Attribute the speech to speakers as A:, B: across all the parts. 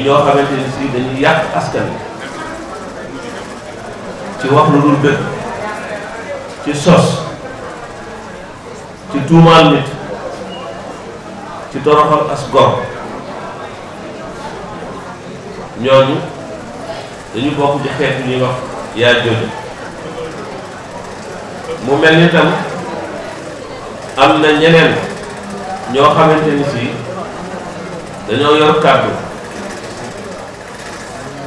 A: ñoo xamante ni si dañu yàq askan ci wax lu dul dëgg ci sos ci tuumaal nit ci toroxal as gor ñooñu dañu bokk ci xeet ñuy wax yaa jóge mu mel ni tam am na ñeneen ñoo xamante ni si dañoo yor kàddu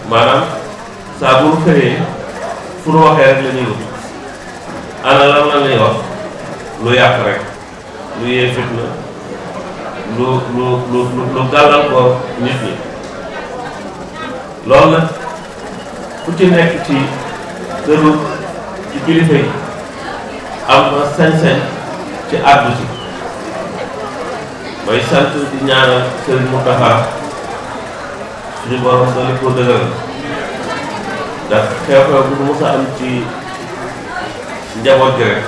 A: maanaam saa bu nu xëyee fu nu waxee rek la ñuy wut ana la ñuy wax lu yàq rek lu yee fitna lu lu lu lu gàllal ko nit ñi loolu nag ku ci nekk ci këru ci kilifa yi am sañ-sañ ci àddu si mooy sant di ñaanal Sëriñ Mountakha suñu borom dolli ko dëgëral ndax xew-xew bu mës a am ci njaboot gi rek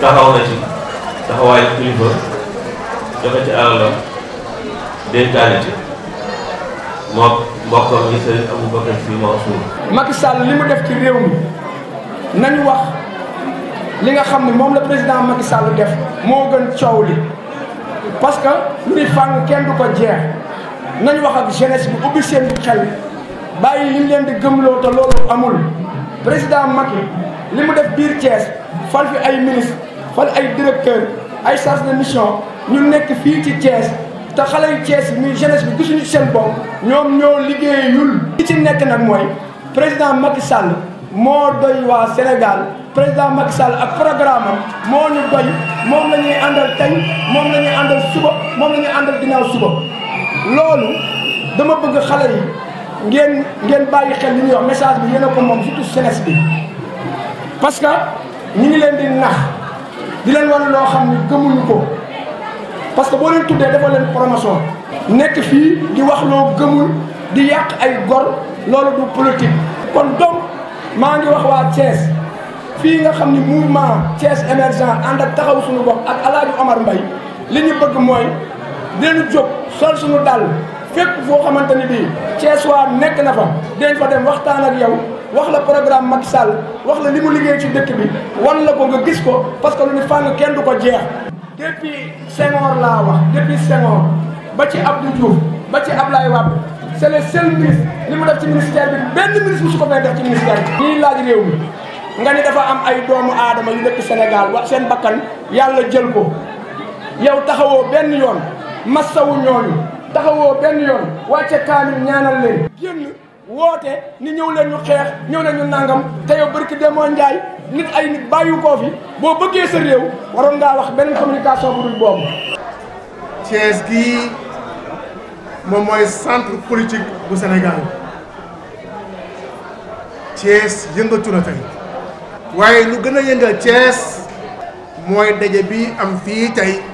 A: taxaw na ci taxawaayu kilifa joxe ci alalam dénkaane ci moo mbokkam ñi sëriñ Aboubacar Sy Mansour Macky
B: Sall li mu def ci réew mi nañu wax li nga xam ne moom la président Macky Sall def moo gën coow li parce que lu kenn du ko jeex nañ wax ak jeunesse bi ubbi seen xel bàyyi li ñu leen di gëmloo te loolu amul président Macky li mu def biir Thiès fal fi ay ministre fal ay directeur ay chargé de mission ñu nekk fii ci Thiès te xale yu Thiès yi muy jeunesse bi gisuñu seen bopp ñoom ñoo liggéeyul. li ci nekk nag mooy président Macky Sall moo doy waa Sénégal président Macky Sall ak programme am moo ñu doy moom la ñuy àndal tey moom la ñuy àndal suba moom la àndal ginnaaw suba. loolu dama bëgg xale yi ngeen ngeen bàyyi xel li ñuy wax message bi yéen a ko moom surtout jeunesse bi parce que ñu ngi leen di nax di leen wane loo xam ni gëmuñu ko parce que boo leen tuddee dafa leen promotion nekk fii di wax loo gëmul di yàq ay gor loolu du politique kon donc maa ngi wax waa Thiès fii nga xam ni mouvement Thiès émergent ànd ak taxaw suñu bopp ak El Hadj Omar li ñu bëgg mooy dañu jog sol suñu dal fepp fo xamanteni bi ci Thiès nek na fa dañ fa dem waxtaan ak yow wax la programme Macky Sall wax la limu liggéey ci dëkk bi wan la ko nga gis ko parce que lu ñu fàng kenn du ko jeex. depuis Senghor la wax depuis Senghor ba ci Abdou Diouf ba ci Ablaye Wade c'est le seul ministre limu def ci ministère bi benn ministre su ko fay def ci ministère bi. ni laaj rew mi nga ni dafa am ay doomu adama yu dëkk Sénégal wax sen bakkan yalla jël ko yow taxawoo benn yoon. massawu ñooñu taxawoo benn yoon wàcce kaamil ñaanal leen woote ni ñëw leen ñu xeex ñëw leen ñu nangam te yow barki demoo njaay nit ay nit bàyyi koo fi boo bëggee sa réew waroon ngaa
C: wax benn communication bu dul boobu. Thiès gi moom mooy centre politique bu Sénégal Thiès yëngatu waaye lu gën a yëngal Thiès mooy daje bi am fii tey.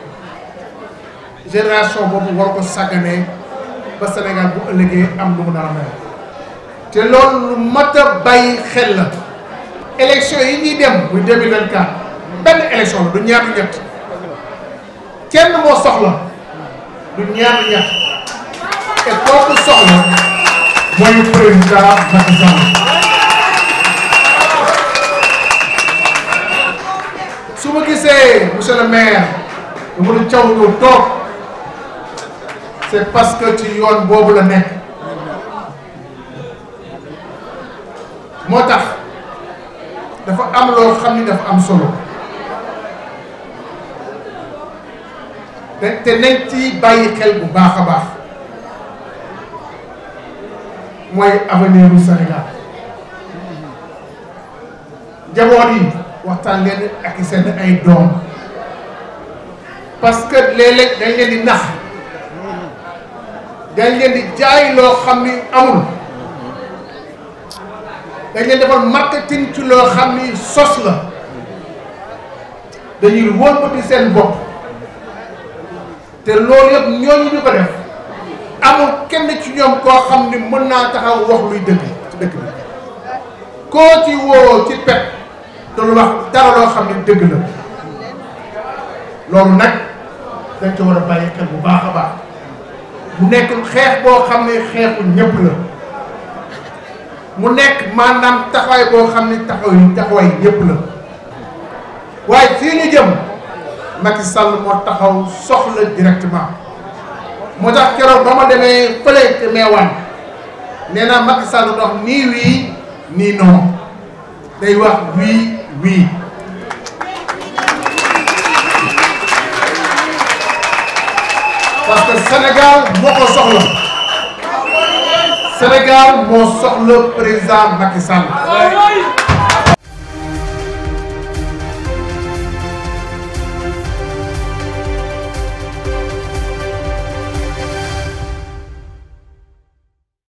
C: génération boobu war ko sàgganee ba Sénégal bu ëllëgee am lu mu nar a mel te loolu mat a bàyyi xel la élection yi ñuy dem muy 2024 benn élection la du ñaar ñett kenn moo soxla du ñaar ñett te kooku soxla mooy président Macky Sall su ma gisee monsieur le maire lu mën a caw ñëw toog c'est parce que ci yoon boobu la nekk moo tax dafa am loo xam ni dafa am solo te nañ ci bàyyi xel bu baax a baax mooy avenir bu Sénégal yi waxtaan leen ak seen ay doom parce que léeg-léeg dañ leen di nax dañ leen di jaay loo xam ni amul dañ leen defal marketing ci loo xam ni sos la dañuy wëlbati seen bopp te loolu yëpp ñooñu ñu ko amul kenn ci ñoom koo xam ni mën naa taxaw wax luy dëgg ci dëkk bi koo ci woo ci pet te lu wax dara loo xam ni dëgg la loolu nag dañ ko war a bàyyi xel bu baax a baax. mu nekk xeex boo xam ne xeexu ñëpp la mu nekk maanaam taxawaay boo xam ne taxaw taxawaay ñëpp la waaye fii ñu jëm Macky Sall moo taxaw soxla directement moo tax keroog ba ma demee fële te meewaan nee naa Macky Sall dox nii wii nii non day wax wii wii parce que Sénégal moo ko soxla Sénégal moo soxla président
B: Macky